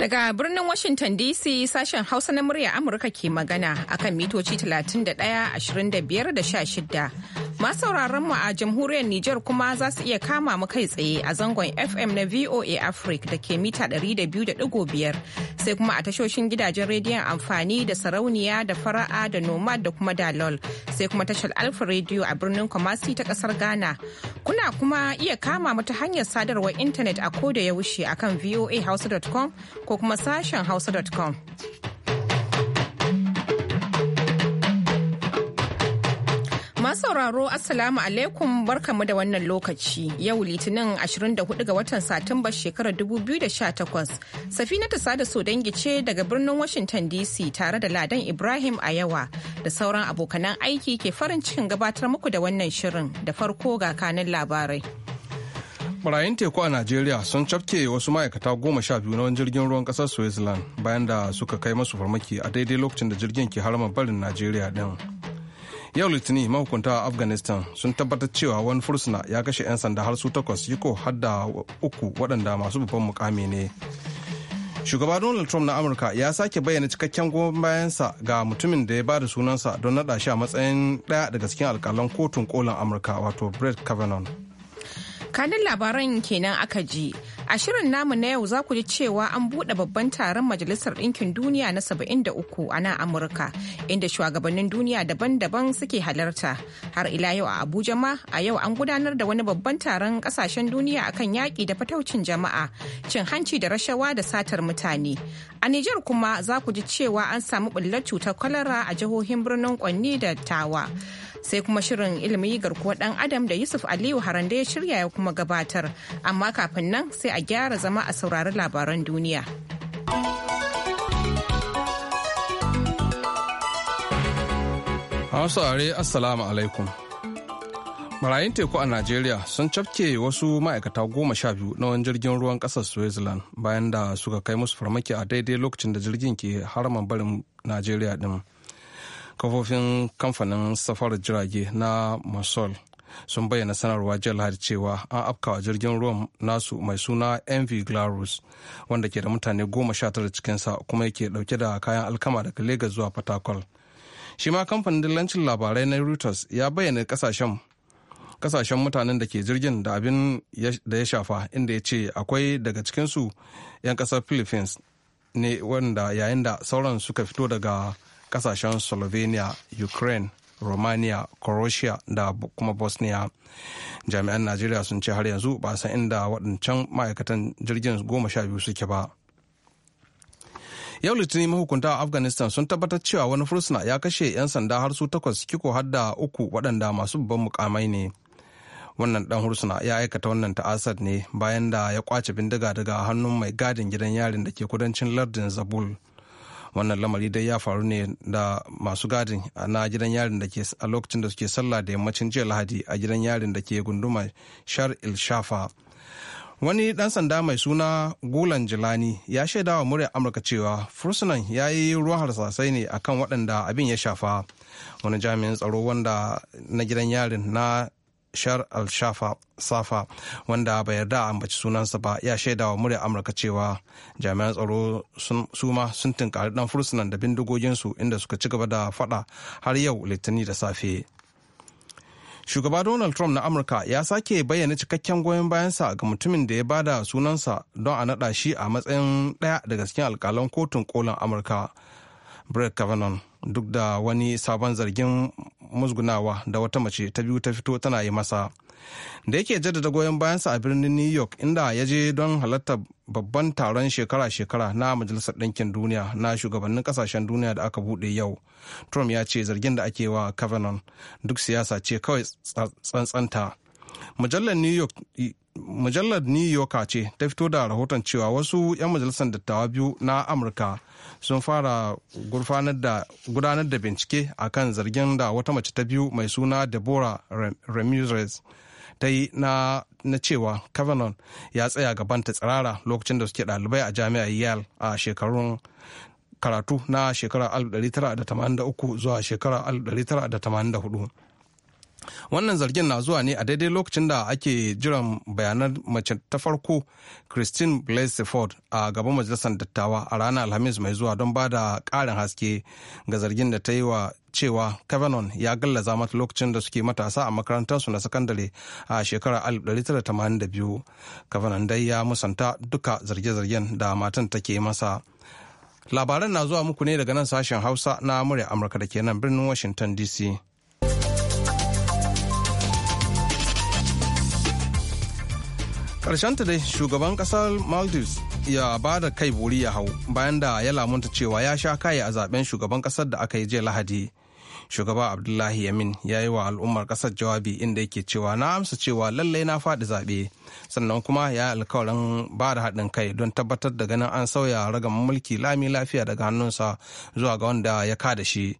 Daga birnin Washington DC sashen Hausa na murya Amurka ke magana akan mitoci 31 ashirin da 16. mu a jamhuriyar Nijar kuma za su iya kama mu kai tsaye a zangon FM na VOA Africa da ke mita 200.5 sai kuma a tashoshin gidajen rediyon amfani da sarauniya da fara'a da nomad da kuma dalol sai kuma tashar Alfa Radio a birnin Kumasi ta kasar Ghana. Kuna kuma iya kama mu ta hanyar sadarwar intanet a ko koda yaushe akan voa ko kuma sashen hausa.com. sauraro Assalamu alaikum barkamu da wannan lokaci yau litinin 24 ga watan Satumba shekarar 2018. Safina ta sada dangi ce daga birnin Washington DC tare da Ladan Ibrahim a yawa da sauran abokanan aiki ke farin cikin gabatar muku da wannan shirin da farko ga kanin labarai. barayin teku a najeriya sun cafke wasu ma'aikata goma sha biyu na wani jirgin ruwan kasar switzerland bayan da suka kai masu farmaki a daidai lokacin da jirgin ke harama barin najeriya din yau litini mahukunta a afghanistan sun tabbatar cewa wani fursuna ya kashe 'yan sanda har su takwas yiko har da uku waɗanda masu babban mukami ne shugaba donald trump na amurka ya sake bayyana cikakken goma bayansa ga mutumin da ya ba bada sunansa don naɗa shi a matsayin ɗaya daga cikin alkalan kotun kolin amurka wato brett kavanaugh kanin labaran kenan aka ji A shirin namu na yau za ku ji cewa an buɗe babban taron Majalisar Ɗinkin Duniya na 73 a nan Amurka, inda shugabannin duniya daban-daban suke halarta. Har ila yau a Abuja ma, a yau an gudanar da wani babban taron ƙasashen duniya akan yaƙi da fataucin jama'a, cin hanci da rashawa da satar mutane. A Nijar kuma za ku ji cewa an samu ɓullar cutar kwalara a jihohin birnin Kwanni da Tawa. sai kuma shirin ilimi garkuwa ɗan adam da yusuf aliyu Harande ya shirya ya kuma gabatar amma kafin nan sai a a gyara zama a saurari labaran duniya. Hausa are Assalamu alaikum. Marayun teku a Najeriya sun cafke wasu ma'aikata goma sha biyu na wani jirgin ruwan ƙasar Switzerland bayan da suka kai musu farmaki a daidai lokacin da jirgin ke haraman barin Najeriya din. Kafofin kamfanin safarar jirage na Masol sun bayyana sanarwa jihar lahadi cewa an afkawa jirgin ruwan nasu mai suna mv glarus wanda ke da mutane goma sha tara cikinsa kuma yake dauke da kayan alkama daga lagos zuwa fatakwal shi ma kamfanin dillancin labarai na reuters ya bayyana kasashen kasashen mutanen da ke jirgin da abin da ya shafa inda ya ce akwai daga cikinsu 'yan kasar philippines ne wanda yayin da sauran suka fito daga kasashen slovenia ukraine romania croatia da kuma bosnia jami'an najeriya sun ce har yanzu ba san inda waɗancan ma'aikatan jirgin goma sha biyu suke ba yau litinin mahukunta a afghanistan sun tabbatar cewa wani fursuna ya kashe 'yan sanda har su takwas kiko har da uku waɗanda masu babban mukamai ne wannan dan hursuna ya aikata wannan ta'asar ne bayan da ya kwace bindiga daga hannun mai gadin gidan yarin da ke kudancin lardin zabul wannan lamari dai ya faru ne da masu gadin na gidan yarin da ke a lokacin da suke sallah da yammacin jiya lahadi a gidan yarin da ke gunduma shar il shafa wani dan sanda mai suna gulan jilani ya shaida wa muryar amurka cewa fursunan ya yi ruwan harsasai ne akan waɗanda abin ya shafa wani jami'in tsaro wanda na gidan yarin na shar al safa wanda bai yarda a ambaci sunansa ba ya shaida wa murya amurka cewa jami'an tsaro su ma sun tunkari dan fursunan da bindigoginsu inda suka ci gaba da fada har yau litinin da safe shugaba donald trump na amurka ya sake bayyana cikakken goyon bayansa ga mutumin da ya bada sunansa don a naɗa shi a matsayin ɗaya daga cikin alkalan kotun kolin amurka brett kavanaugh duk da wani sabon zargin musgunawa da wata mace ta biyu ta fito tana yi masa da yake jaddada goyon bayansa a birnin new york inda ya je don halartar babban taron shekara-shekara na majalisar ɗinkin duniya na shugabannin ƙasashen duniya da aka buɗe yau trump ya ce zargin da ake wa kavanaugh duk siyasa ce kawai tsantsanta mujallar new york mujallar new yorker ce ta fito da rahoton cewa wasu 'yan majalisar dattawa biyu na amurka sun fara gudanar da bincike a kan zargin da wata mace ta biyu mai suna deborah ramirez ta yi na, cewa kavanaugh ya tsaya gaban ta tsirara lokacin da suke ɗalibai a jami'ar yale a shekarun karatu na shekarar 1983 zuwa shekarar 1984 wannan zargin na zuwa ne a daidai lokacin da ake jiran bayanan mace ta farko christine blaise ford a gaban majalisar dattawa a ranar alhamis mai zuwa don ba da karin haske ga zargin da ta yi wa cewa kavanon ya gallaza mata lokacin da suke matasa a makarantarsu na sakandare a shekarar 1982 kavanon dai ya musanta duka zarge-zargen da matan take masa labaran na zuwa muku ne daga nan sashen hausa na murya amurka da ke nan birnin washington dc ta dai shugaban ƙasar Maldives ya ba da kai buri ya hau bayan da ya lamunta cewa ya sha kaye a zaben shugaban ƙasar da aka yi jiya Lahadi. Shugaba Abdullahi Yamin ya yi wa al'ummar ƙasar jawabi inda yake cewa na amsa cewa lallai na faɗi zaɓe sannan kuma ya yi alkawarin ba da haɗin kai don tabbatar da ganin an sauya raga mulki lami lafiya daga hannunsa zuwa ga wanda ya ka da shi.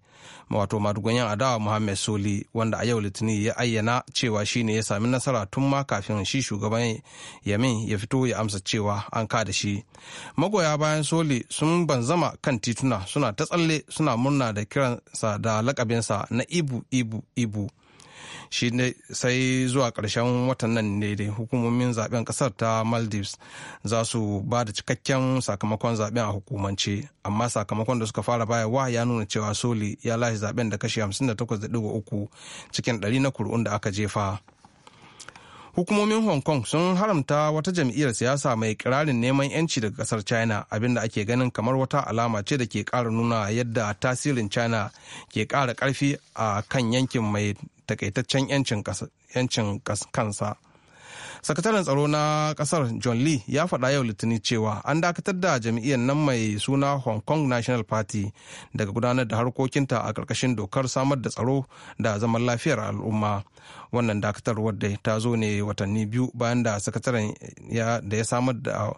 wato madugon yan adawa muhammed soli wanda a yau litinin ya ayyana cewa shine ya sami nasara tun ma kafin shi shugaban yamin ya fito ya amsa cewa an ka da shi magoya bayan soli sun banzama kan tituna suna ta tsalle suna murna da kiransa da lakabinsa na ibu ibu ibu shi ne sai zuwa ƙarshen watan nan ne da hukumomin zaben ƙasar ta maldives za su ba da cikakken sakamakon zaben a hukumance amma sakamakon da suka fara baya wa ya nuna cewa soli ya lashe zaben da kashi 58.3 cikin 100 na kuri'un da aka jefa hukumomin hong kong sun haramta wata jam'iyyar siyasa mai kirarin neman yanci daga kasar china abinda ake ganin kamar wata alama ce da ke kara nuna yadda tasirin china ke kara karfi a kan yankin mai takaitaccen 'yancin kansa sakataren tsaro na kasar john lee ya faɗa yau litinin cewa an dakatar da jam'iyyar nan mai suna hong kong national party daga gudanar da harkokinta a ƙarƙashin dokar samar da tsaro da zaman lafiyar al'umma wannan dakatar wadda ta zo ne watanni biyu bayan da sakataren da ya samar da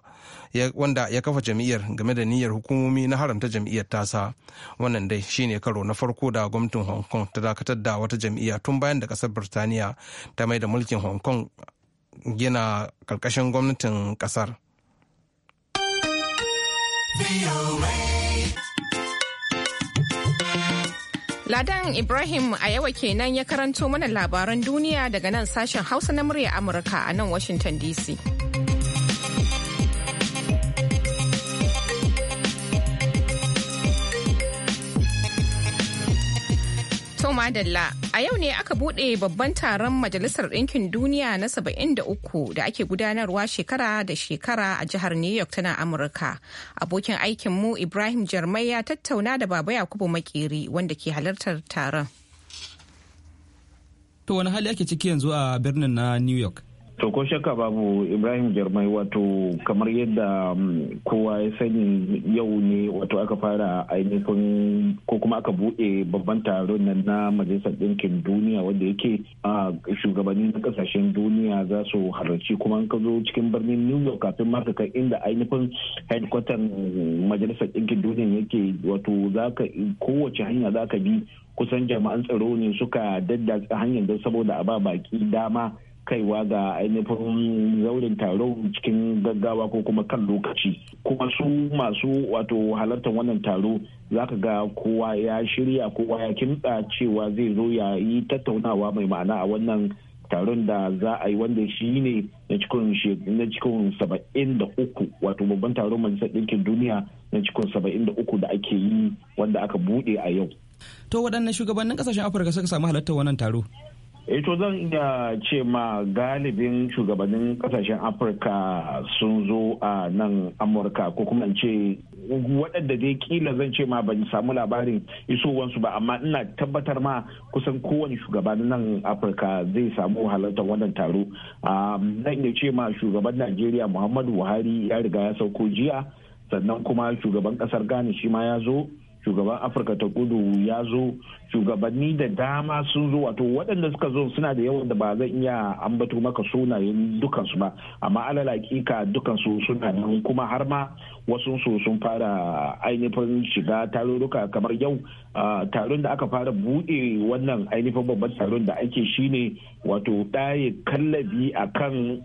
wanda ya kafa jam'iyyar game da niyyar hukumomi na haramta jam'iyyar tasa wannan dai shine karo na farko da gwamnatin hong kong ta dakatar da wata jam'iyya tun bayan da kasar birtaniya ta mai da mulkin hong kong gina ƙarƙashin gwamnatin ƙasar. Ladan Ibrahim a yawa kenan ya karanto mana labaran duniya daga nan sashen Hausa na murya Amurka a nan Washington DC. To Madalla, a yau ne aka buɗe babban taron Majalisar Ɗinkin Duniya na 73 da ake gudanarwa shekara da shekara a jihar New York tana Amurka. Abokin aikinmu Ibrahim Jarmai ya tattauna da Baba Yakubu Makeri wanda ke halartar taron. To wani hali ake ciki yanzu a birnin na New York? To ko shakka babu Ibrahim Jarmai wato kamar yadda mm, kowa ya sani yau ne wato aka fara ainihin ko kuma aka buɗe babban taron nan na Majalisar Ɗinkin Duniya wanda yake shugabanni na ƙasashen duniya za su halarci kuma ka zo cikin birnin New York kafin ka kai inda ainihin headquarter Majalisar Ɗinkin Duniya yake wato za ka kowace hanya za ka bi kusan jama'an tsaro ne suka daddatsa hanyar don saboda a ba baki dama kaiwa ga ainihin zaurin taro cikin gaggawa ko kuma kan lokaci kuma su masu wato halartar wannan taro za ka ga kowa ya shirya kowa ya kimta cewa zai zo ya yi tattaunawa mai ma'ana a wannan taron da za a yi wanda shi ne na cikin saba'in da uku wato babban taron majalisar ɗinkin duniya na cikin saba'in da uku da ake yi wanda aka buɗe a yau. To waɗannan shugabannin ƙasashen Afirka suka samu halartar wannan taro? e to zan iya ce ma galibin shugabannin kasashen afirka sun zo a nan amurka ko kuma ce waɗanda dai kila zan ce ma ban samu labarin isowansu ba amma ina tabbatar ma kusan kowane shugaban nan afirka zai samu halartar wannan taro zan iya ce ma shugaban najeriya muhammadu buhari ya riga ya sauko jiya sannan kuma shugaban ƙasar ghana shi ma ya zo shugaban afirka ta kudu ya zo shugabanni da dama sun zo wato waɗanda suka zo suna da yawan da ba zan iya ambato maka sunayen dukansu ba amma alal hakika dukansu suna nan kuma har ma wasu su sun fara ainihin shiga tarurruka kamar yau taron da aka fara buɗe wannan ainihin babban taron da ake shine wato ɗaye kallabi a kan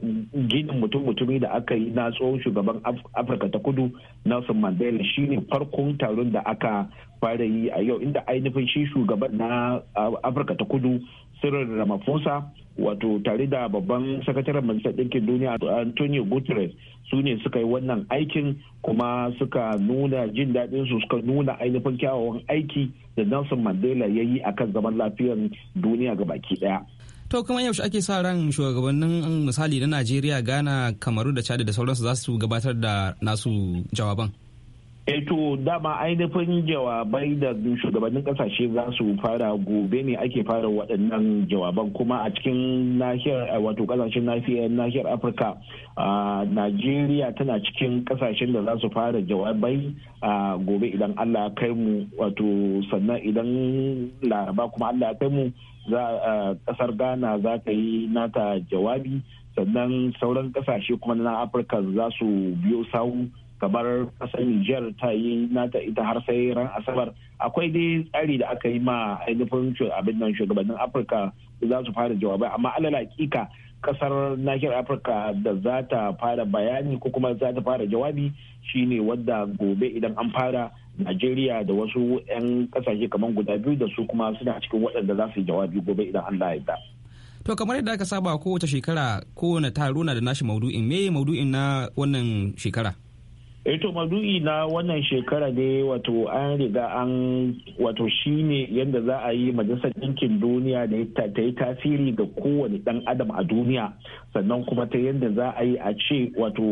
ginin mutum-mutumi da aka yi na tsohon shugaban afirka ta kudu nelson mandela shine farkon taron da aka fara yi a yau inda ainihin shi shugaban na afirka ta kudu cyril ramaphosa wato tare da babban sakataren majalisar ɗinkin duniya antonio guterres su ne suka yi wannan aikin kuma suka nuna jin daɗin su suka nuna ainihin kyawawan aiki da nelson mandela ya yi akan zaman lafiyar duniya ga baki ɗaya to kuma yaushe ake sa ran shugabannin misali na najeriya ghana kamaru da chad da sauransu za su gabatar da nasu jawaban eh to dama ainihin jawabai da shugabannin kasashe za su fara gobe ne ake fara waɗannan jawaban kuma a cikin nahiyar eh, wato kasashen nahiyar afirka najeriya tana cikin kasashen da za su fara jawabai a gobe idan allah kai mu wato sannan idan laraba kuma allah kai mu za kasar ghana za ta yi nata jawabi sannan sauran kasashe kuma na afirka za su biyo sawu kamar kasar Nijar ta yi nata ita har sai ran asabar akwai dai tsari da aka yi ma ainihin abin nan shugabannin afirka za su fara jawabai amma alal hakika kasar nahiyar afirka da za ta fara bayani ko kuma za ta fara jawabi shine wadda gobe idan an fara najeriya da wasu 'yan kasashe kamar guda biyu da su kuma suna cikin waɗanda za su yi jawabi gobe idan an la'aita to kamar yadda aka saba kowace shekara kowane taro na da nashi maudu'in me maudu'in na wannan shekara eto eh, madu'i na wannan shekara ne wato an riga an wato shine yadda za a yi majalisar ɗinkin duniya da ta yi tasiri ga kowane ɗan adam a duniya sannan kuma ta yadda za a yi a ce wato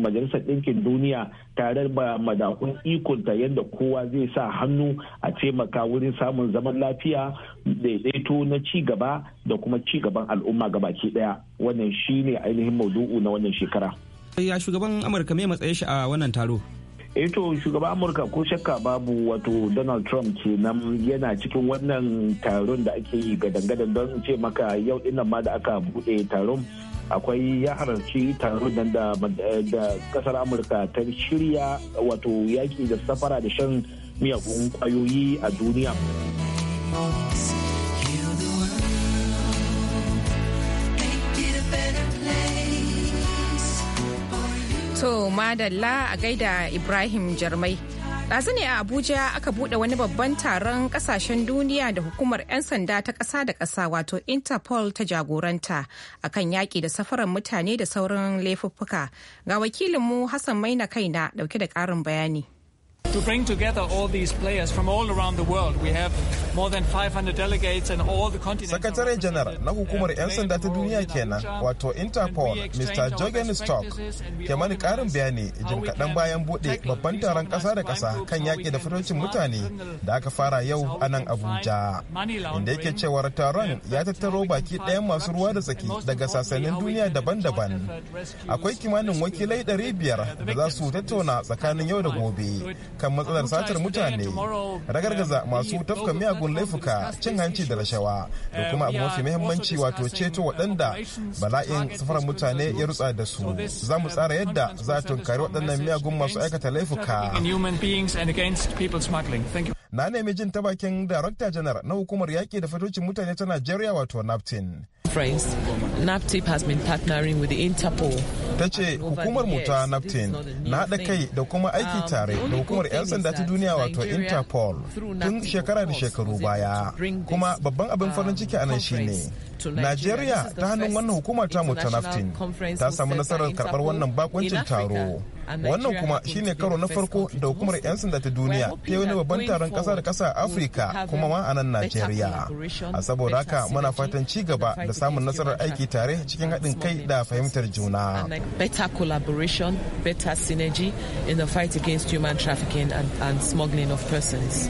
majalisar ɗinkin duniya tare da madakun ikonta yadda kowa zai sa hannu a taimaka wurin samun zaman lafiya daidaito na ci gaba da kuma ci gaban al'umma baki ɗaya wannan shine ainihin maudu'u na wannan shekara. ya shugaban amurka mai matsayi shi a wannan taro eto eh shugaban amurka ko shakka babu wato donald trump kenan yana cikin wannan taron da ake yi gadan-gadan don ce maka yau dinnan ma da aka bude taron akwai ya halarci taron nan da kasar amurka ta shirya wato yaki da safara da shan miyagun kwayoyi a duniya. To madalla a gaida Ibrahim Jarmai. Ɗazu ne a Abuja aka buɗe wani babban taron ƙasashen duniya da hukumar 'yan sanda ta ƙasa da ƙasa wato Interpol ta jagoranta akan yaƙi da safaran mutane da sauran laifuffuka. Ga wakilinmu Hassan Maina na ɗauke da ƙarin bayani. To bring together all these players from all around the world, we have more than 500 delegates and all the continents. Sakatare janar na hukumar uh, 'yan sanda ta duniya kenan, wato Interpol, Mr. Jorgen Stock, ke mani karin bayani jim kaɗan bayan buɗe babban taron ƙasa da ƙasa kan yaki da fitocin mutane da aka fara yau a nan Abuja. Inda yake cewar taron ya tattaro baki ɗayan masu ruwa da tsaki daga sassanin duniya daban-daban. Akwai kimanin wakilai 500 da za su tattauna tsakanin yau da gobe. kan matsalar satar mutane ragargaza masu tafka miyagun laifuka cin hanci da rashawa da kuma abu mafi muhimmanci wato ceto waɗanda bala'in safarar mutane ya rutsa da su za mu uh, tsara yadda za a tunkari waɗannan miyagun masu aikata laifuka na nemi jin ta bakin darakta janar na hukumar yaƙi da fatocin mutane ta nigeria wato naptin. naptip has been partnering with the interpol ta ce hukumar mu ta naftin na haɗa kai da kuma aiki tare da hukumar 'yan sanda ta duniya wato interpol tun shekara da shekaru baya kuma babban abin farin ciki a nan shine najeriya ta hannun wannan hukumar mu ta naftin ta samu nasarar karɓar wannan bakuncin taro wannan kuma shine karo na farko da hukumar 'yan sanda ta duniya ta yi wani babban taron kasa da kasa a afirka kuma ma a nan najeriya a saboda haka muna fatan ci gaba da samun nasarar aiki tare cikin haɗin kai da fahimtar juna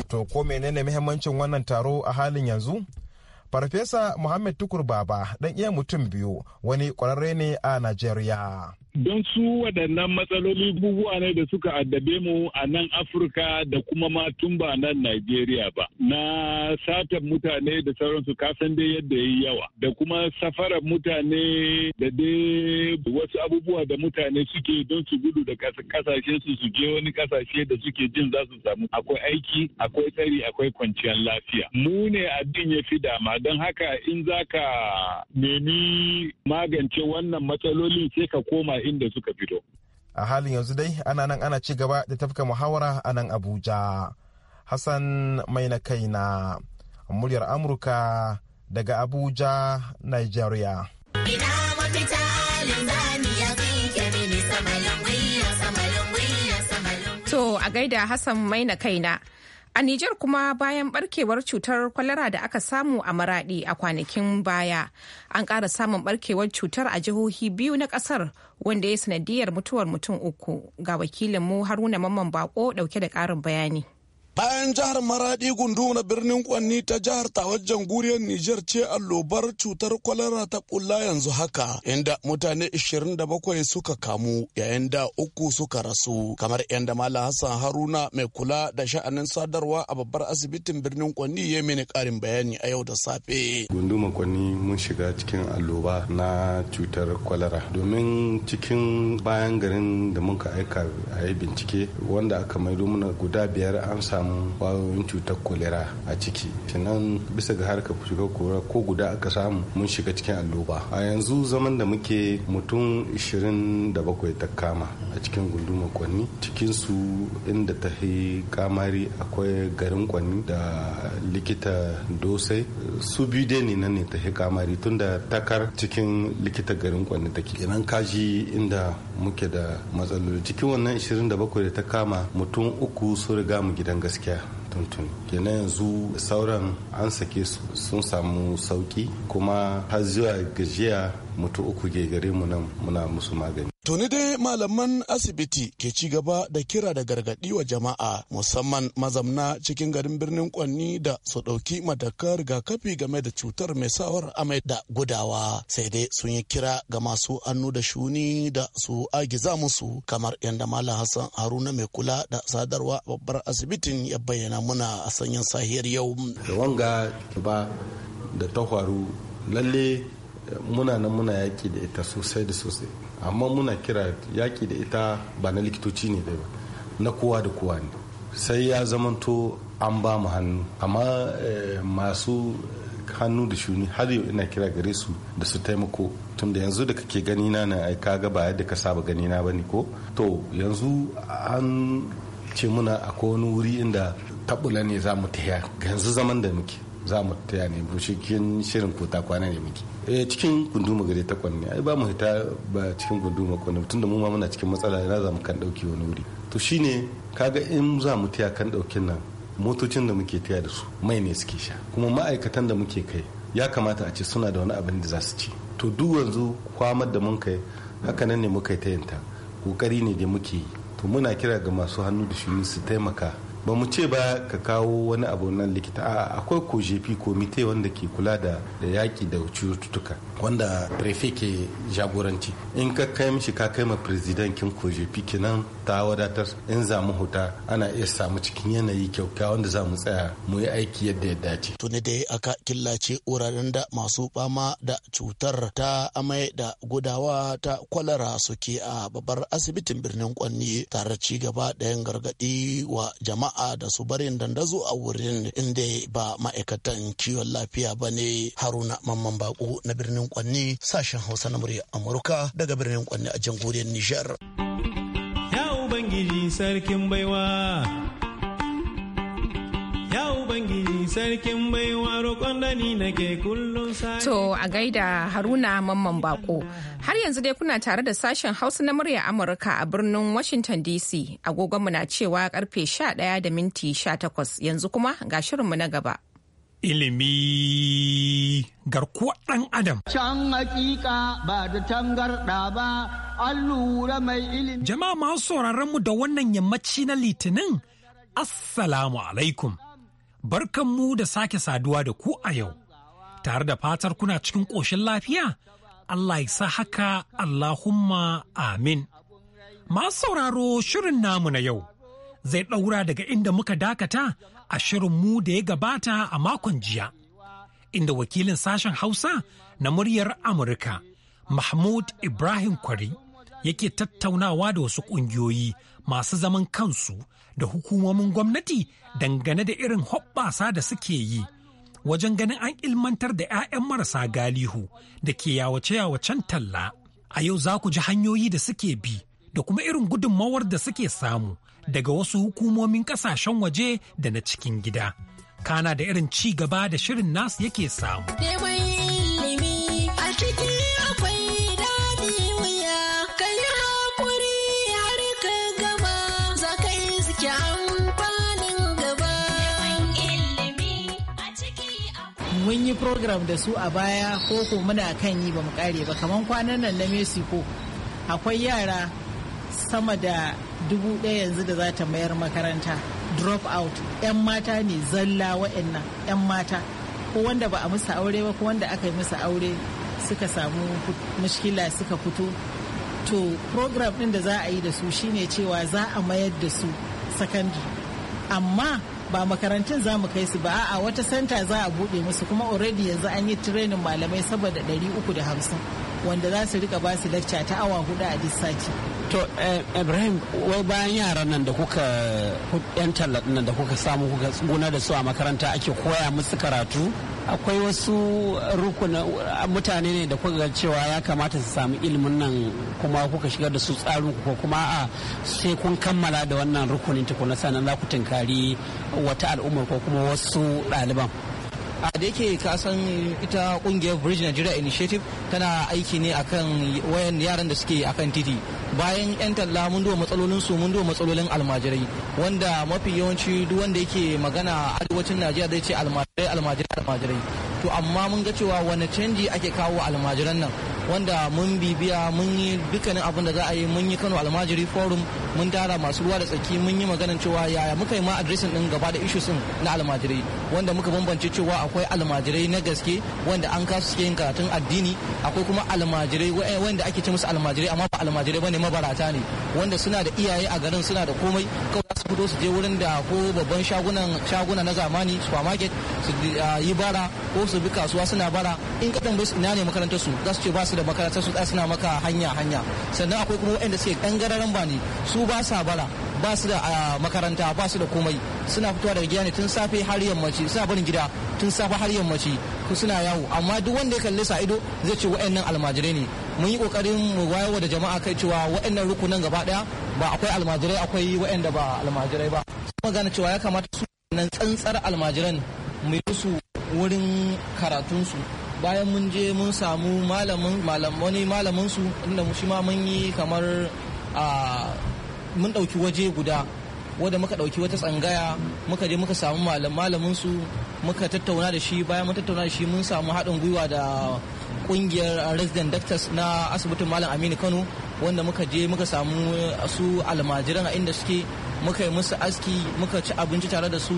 to ko menene muhimmancin wannan taro a halin yanzu Farfesa Muhammad Tukur Baba ɗan iya mutum biyu wani ƙwararre ne a Najeriya. don su waɗannan matsaloli bubuwa ne da suka addabe mu a nan afirka da kuma ma tun ba nan najeriya ba na satan mutane da sauransu kasan dai yadda ya yawa da kuma safarar mutane da dai wasu abubuwa da mutane suke don su gudu da kasashe su su je wani kasashe da suke jin za su samu akwai aiki akwai tsari akwai kwanciyar lafiya mu ne addin ya fi dama don haka in za ka nemi magance wannan matsaloli sai ka koma inda suka fito. A halin yanzu dai ana nan ana ci gaba da tafka muhawara a nan Abuja. Hassan mai na kai na muryar Amurka daga Abuja, Nigeria. To a gaida Hassan mai na kaina. A Nijar kuma bayan barkewar cutar kwalara da aka samu a maradi a kwanakin baya, an ƙara samun barkewar cutar a jihohi biyu na ƙasar wanda ya sanadiyar mutuwar mutum uku ga wakilinmu Haruna Mamman Bako ɗauke da ƙarin bayani. bayan jihar maradi gundu na birnin kwanni ta jihar wajen guriyar nijar ce allobar cutar kwalara ta kulla yanzu haka inda mutane 27 suka kamu yayin da uku suka rasu kamar yadda malam hassan haruna mai kula da sha'anin sadarwa a babbar asibitin birnin kwanni ya mini karin bayani a yau da safe gunduma kwanni mun shiga cikin alloba na cutar kwalara domin cikin bayan garin da muka aika a yi bincike wanda aka maido mana guda biyar an samu samu kwayoyin cutar kolera a ciki sannan bisa ga harkar shiga kolera ko guda aka samu mun shiga cikin alloba a yanzu zaman da muke mutum 27 ta kama a cikin gunduma kwanni cikinsu inda ta yi kamari akwai garin kwanni da likita dosai su biyu dai ne nan ne ta yi kamari da takar cikin likita garin kwanni take idan kaji inda muke da matsaloli cikin wannan 27 da ta kama mutum uku su riga mu gidan gaske gaskiya tuntun kenan yanzu sauran an sake su sun samu sauki kuma har zuwa gajiya mutu uku ke gare mu nan muna musu magani Tuni dai malaman asibiti ke ci gaba da kira da gargaɗi wa jama'a musamman mazamna cikin garin birnin Kwanni da su ɗauki madakar rigakafi game da cutar mai sawar amai da gudawa sai dai sun yi kira ga masu hannu da shuni da su agiza musu kamar yadda Malam Hassan Haruna mai kula da sadarwa babbar asibitin ya bayyana muna a sanyin sahiyar yau. Da wanga ba da lalle muna nan muna yaƙi da ita sosai da sosai amma muna kira yaƙi da ita ba na likitoci ne ba na kowa da kowa ne sai ya zamanto an ba mu hannu amma eh, masu hannu da shuni har yau ina kira gare su da su taimako tun da yanzu da kake gani na na ka ga ba yadda ka saba gani na bane ko to yanzu an ce muna akwai wani wuri inda tabula ne za mu tafiya yanzu zaman da muke za mu taya ne bu cikin shirin kota kwana ne muke eh cikin gunduma gari ta kwanne ai ba mu hita ba cikin gunduma kwanne tunda mu ma muna cikin matsala na za mu kan dauki wani wuri to shine kaga in za mu taya kan daukin nan motocin da muke taya da su mai ne suke sha kuma ma'aikatan da muke kai ya kamata a ce suna da wani abin da za su ci to duk yanzu kwamar da mun kai haka nan ne muka yi ta kokari ne da muke yi to muna kira ga masu hannu da shi su taimaka ba mu ce ba ka kawo wani abu nan likita a akwai ko jefi komite wanda ke kula da da yaƙi da cututtuka wanda prefe ke jagoranci in ka kai mishi ka kai ma president kin ko jefi kinan ta wadatar in za mu huta ana iya samu cikin yanayi kyauka wanda za mu tsaya mu yi aiki yadda ya dace. tuni dai aka killace wuraren da masu fama da cutar ta amai da gudawa ta kwalara suke a babbar asibitin birnin kwanni tare ci gaba da yin gargaɗi wa jama'a jama'a da su barin dandazo a wurin inda ba ma'aikatan kiwon lafiya ba ne haruna mamman bako na birnin kwanni sashen hausa na murya amurka daga birnin kwanni a jamhuriyar nijar ya ubangiji sarkin baiwa sarkin baiwa roƙon dani kullum To a gaida Haruna Mamman Bako. Har yanzu dai kuna tare da sashen Hausa na murya Amurka a birnin Washington DC. Agogonmu na cewa karfe sha 11 da minti sha 18 yanzu kuma ga shirinmu na gaba. Ilimi garkuwar ɗan Adam. Can hakika ba da tangarɗa ba, an mai ilimi. Jama'a masu sauraron mu da wannan yammaci na Litinin, Assalamu alaikum. mu da sake saduwa da ku a yau, tare da fatar kuna cikin ƙoshin lafiya, Allah ya sa haka Allahumma amin. Masu sauraro shirin namu na yau zai ɗaura daga inda muka dakata a shirin mu da ya gabata a makon jiya, inda wakilin sashen Hausa na muryar Amurka, Mahmud Ibrahim Kwari, yake tattaunawa da wasu ƙungiyoyi masu zaman kansu da hukumomin gwamnati dangane da irin hoɓɓasa da suke yi wajen ganin an ilmantar da 'ya'yan marasa galihu da ke yawace-yawacen talla. A yau za ku ji hanyoyi da suke bi da kuma irin gudunmawar da suke samu daga wasu hukumomin ƙasashen waje da na cikin gida. Kana da irin ci gaba da shirin nasu yake samu. mun yi program da su a baya ko ko muna kan yi ba mu kare ba kamar kwanan nan na mexico akwai yara sama da dubu ɗaya yanzu da za ta mayar makaranta drop out 'yan mata ne zalla wa'annan 'yan mata ko wanda ba a musu aure ba ko wanda aka yi musu aure suka samu mushkila suka fito to program ɗin da za a yi da su shine cewa za a mayar da su secondary amma ba makarantun za mu kai su ba a'a wata santa za a buɗe musu kuma already yanzu an yi training malamai saboda 350 wanda za su rika ba su lacca ta awa hudu a duk sati to eh, ibrahim wai bayan yaran nan da kuka yan tallaɗin nan da kuka samu kuka tsuguna da su a makaranta ake koya musu karatu akwai wasu rukuna mutane ne da kuka cewa ya kamata su samu ilimin nan kuma kuka shigar da su tsarin ko kuma a sai kun kammala da wannan rukunin tukuna sannan za ku tunkari wata al'ummar ko kuma wasu ɗaliban a da yake ka san ita kungiyar bridge nigeria initiative tana aiki ne akan wayan yaran da suke akan titi bayan yan talla mun duba matsalolin su mun duba matsalolin almajirai wanda mafi yawanci duk wanda yake magana arewacin najeriya zai ce almajirai almajirai almajirai to amma mun ga cewa wani canji ake kawo almajiran nan wanda mun bibiya mun yi dukkanin abin da za a yi mun yi kano almajiri forum mun tara masu ruwa da tsaki mun yi maganan cewa yaya muka yi ma adresin din gaba da issues din na almajirai wanda muka bambance cewa akwai almajirai na gaske wanda an kasu suke yin karatun addini akwai kuma almajirai eh, wanda ake ce musu almajirai amma ba almajirai bane mabarata ne wanda suna da iyaye a garin suna da komai kawai fito su je wurin da ko babban shagunan shaguna na zamani supermarket su ah, yi bara ko su bi kasuwa suna bara in ka tambayi su ina ne makarantar su za su ce ba su da makarantar su suna maka hanya hanya sannan akwai kuma waɗanda suke ɗan gararan ba ne su ba sa bara ba su da ah, makaranta ba su da komai suna fitowa daga gida ne tun safe har yammaci suna barin gida tun safe har yammaci ku suna yawo amma duk wanda ya kalli sa ido zai ce wa'annan almajirai ne mun yi kokarin mu wayarwa da jama'a kai cewa wa'annan rukunan gaba daya ba akwai almajirai akwai waɗanda ba almajirai ba kuma gane cewa ya kamata su nan tsantsar almajiran mai su wurin karatunsu bayan mun je mun samu malamin wani malamin su inda shi ma mun yi kamar a mun ɗauki waje guda wanda muka ɗauki wata tsangaya muka je muka samu malamin su muka tattauna da shi bayan mun tattauna da shi mun samu haɗin gwiwa da ƙungiyar resident doctors na asibitin malam aminu kano wanda muka je muka samu su almajiran a inda suke muka yi musu aski muka ci abinci tare da su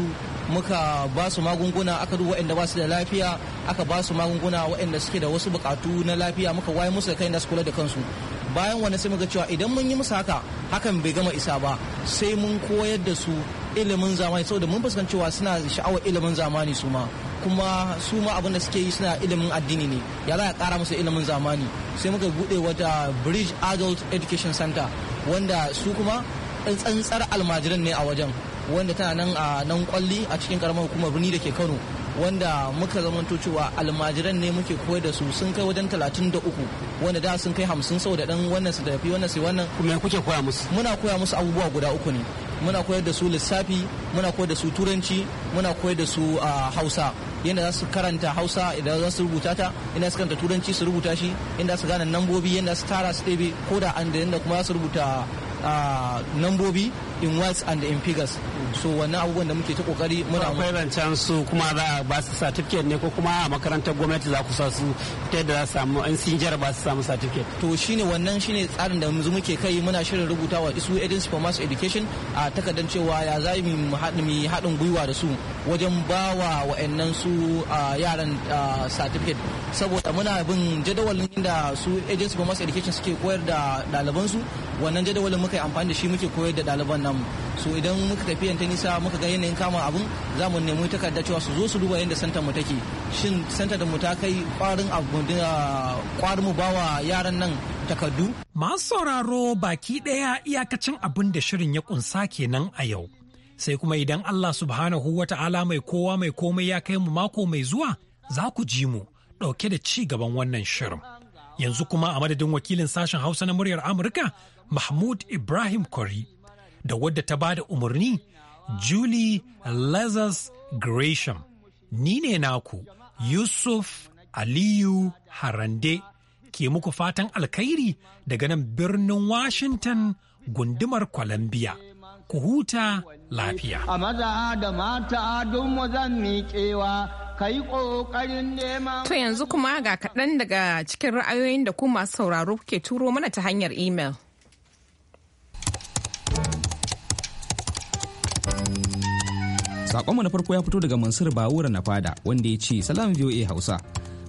muka ba su magunguna aka duba waɗanda ba su da lafiya aka ba su magunguna waɗanda suke da wasu bukatu na lafiya muka waye musu da kai da su kula da kansu bayan wani sai muka cewa idan mun yi musu haka hakan bai gama isa ba sai mun koyar da su ilimin zamani saboda mun fuskanci cewa suna sha'awar ilimin zamani su ma kuma su ma abin da suke yi suna ilimin addini ne ya za a kara musu ilimin zamani sai muka bude wata bridge adult education center wanda su kuma tsantsar almajiran ne a wajen wanda tana nan a nan kwalli a cikin karamar hukumar birni da ke kano wanda muka zamanto cewa almajiran ne muke koyar da su sun kai wajen talatin da uku wanda da sun kai hamsin sau da dan wannan su tafi wannan su wannan kuma kuke koya musu muna koya musu abubuwa guda uku ne muna koyar da su lissafi muna koyar da su turanci muna koyar da su ah, hausa yadda za su karanta hausa idan za su rubuta ta inda su karanta turanci su rubuta shi inda su gane nambobi yadda su tara su ɗebe ko da an da kuma za su rubuta ah, nambobi in words and in figures so wani abubuwan da muke ta kokari muna akwai rancen su kuma za a ba su certificate ne ko kuma a makarantar gwamnati za ku sa su ta yadda za su samu an sun jaraba su samu certificate to shine wannan shine tsarin da yanzu muke kai muna shirin rubutawa isu agency for mass education a takardar cewa ya za mu haɗin haɗin gwiwa da su wajen ba wa wa'annan su yaran certificate saboda muna bin jadawalin da su agency for mass education suke koyar da ɗalibansu wannan jadawalin muka yi amfani da shi muke koyar da ɗaliban namu so idan muka tafi ta nisa muka ga yanayin kama abun za mu nemi takarda cewa su zo su duba yadda santar mu take shin santa da mu ta kai kwarin abu da kwarin mu bawa yaran nan takardu. masu sauraro baki ɗaya iyakacin abun da shirin ya kunsa kenan a yau sai kuma idan allah subhanahu wa ta'ala mai kowa mai komai ya kai mu mako mai zuwa za ku ji mu ɗauke da ci gaban wannan shirin. yanzu kuma a madadin wakilin sashen hausa na muryar amurka mahmud ibrahim kori da wadda ta ba da umarni Julie Lazarus Gresham, ni ne naku Yusuf Aliyu Harande ke muku fatan alkhairi daga nan birnin Washington gundumar Columbia. Ku huta lafiya. A maza da mata don zan miƙewa kai ƙoƙarin neman. To yanzu kuma ga kaɗan daga cikin ra'ayoyin da ku masu sauraro ke turo mana ta hanyar imel. Sakonmu na farko ya fito daga Mansur Bawura na fada wanda ya ce salam VOA Hausa.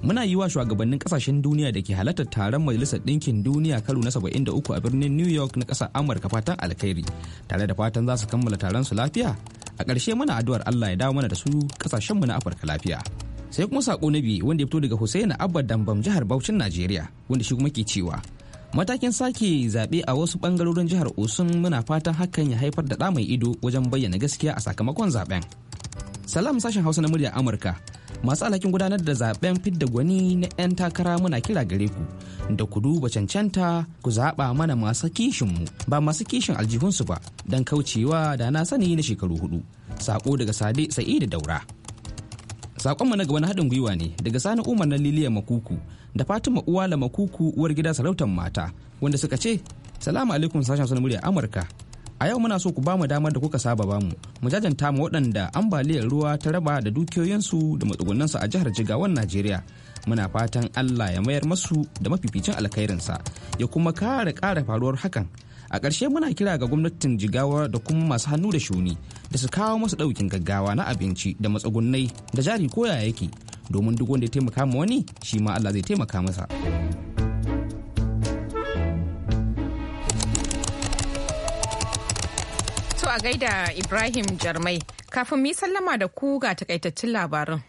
Muna yi wa shugabannin kasashen duniya da ke halartar taron Majalisar Ɗinkin Duniya karo na 73 a birnin New York na ƙasar Amurka fatan alkhairi tare da fatan za su kammala taron su lafiya. A ƙarshe muna addu'ar Allah ya dawo mana da su ƙasashenmu na Afirka lafiya. Sai kuma sako na biyu wanda ya fito daga Hussein Abba Dambam jihar Bauchin Najeriya wanda shi kuma ke cewa matakin sake zaɓe a wasu ɓangarorin jihar osun muna fatan hakan ya haifar da ɗa mai ido wajen bayyana gaskiya a sakamakon zaɓen salam sashen hausa na murya amurka masu alhakin gudanar da zaɓen fidda gwani na 'yan takara muna kira gare ku da ku duba cancanta ku zaɓa mana masu kishinmu ba masu kishin aljihunsu ba don kaucewa da na sani na shekaru hudu Saƙo daga sade sa'idu daura Saƙonmu na gaba na haɗin gwiwa ne daga sani umar na liliya makuku da fatima uwa lamakuku uwar gida sarautar mata wanda suka ce salamu alaikum sashen sunan murya amurka a yau muna so ku bamu damar da kuka saba bamu mu jajanta mu waɗanda ambaliyar ruwa ta raba da dukiyoyinsu da matsugunansu a jihar jigawan najeriya muna fatan allah ya mayar masu da mafificin alkhairinsa ya kuma kare kara faruwar hakan a ƙarshe muna kira ga gwamnatin jigawa da kuma masu hannu da shuni da su kawo masu ɗaukin gaggawa na abinci da matsugunnai. da jari koya yake domin duk wanda ya taimaka ma wani shi ma Allah zai taimaka masa to a gaida Ibrahim Jarmai kafin mu sallama da ku ga takaitaccen labarin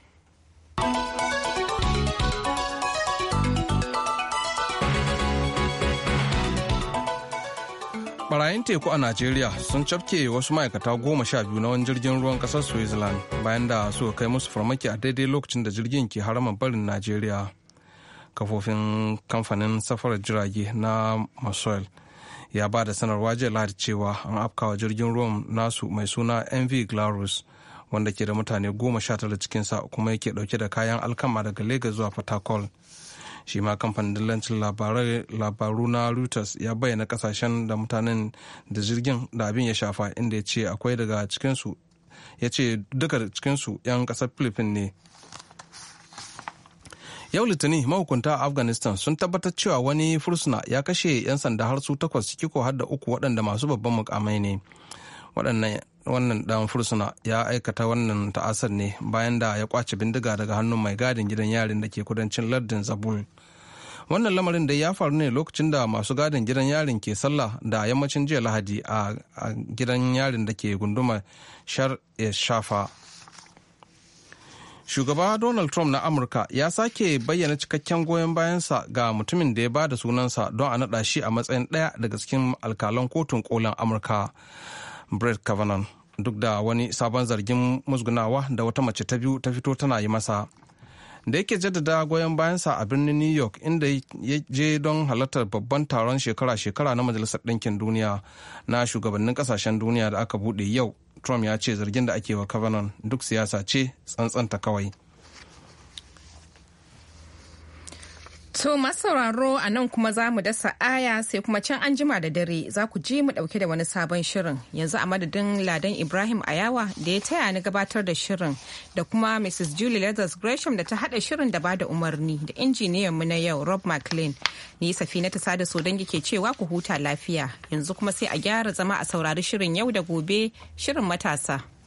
barayin teku a najeriya sun cafke wasu ma'aikata goma sha biyu na wani jirgin ruwan kasar switzerland bayan da suka kai musu farmaki a daidai lokacin da jirgin ke haraman barin najeriya kafofin kamfanin safarar jirage na masoil ya ba da sanarwa jiya lahadi cewa an afkawa jirgin ruwan nasu mai suna mv glarus wanda ke da mutane goma sha tara cikinsa kuma yake dauke da kayan alkama daga lagos zuwa fatakol shi ma kamfanin dillancin labaru na reuters ya bayyana kasashen da mutanen da jirgin da abin ya shafa inda ya ce akwai daga cikinsu ya ce duka cikinsu 'yan kasar filifin ne yau litinin mahukunta a afghanistan sun tabbatar cewa wani fursuna ya kashe 'yan sanda har su takwas ciki ko har da uku waɗanda masu babban mukamai ne wannan dan fursuna ya aikata wannan ta'asar ne bayan da ya kwace bindiga daga hannun mai gadin gidan yarin da ke kudancin lardin zabul wannan lamarin da ya faru ne lokacin da masu gadin gidan yarin ke sallah da yammacin jiya lahadi a gidan yarin da ke gunduma shar shafa shugaba donald trump na amurka ya sake bayyana cikakken goyon bayansa ga mutumin da ya ba da sunansa don a naɗa shi a matsayin ɗaya daga cikin alkalan kotun kolin amurka brett kavanaugh duk da wani sabon zargin musgunawa da wata mace ta biyu ta fito tana yi masa da yake jaddada goyon bayansa a birnin new york inda ya je don halartar babban taron shekara-shekara na majalisar ɗinkin duniya na shugabannin ƙasashen duniya da aka buɗe yau trump ya ce zargin da ake wa Kavanaugh duk siyasa ce tsantsanta kawai To masauraro a nan kuma za mu dasa aya sai kuma can an jima da dare za ku ji mu dauke da wani sabon shirin yanzu a madadin Ladan Ibrahim Ayawa da ya taya ni gabatar da shirin da kuma Mrs. Julie Leathers Gresham da ta hada shirin da ba da umarni da injiniyan mu na yau Rob McLean ni na ta sada so dangi ke cewa ku huta lafiya yanzu kuma sai a gyara zama a saurari shirin yau da gobe shirin matasa.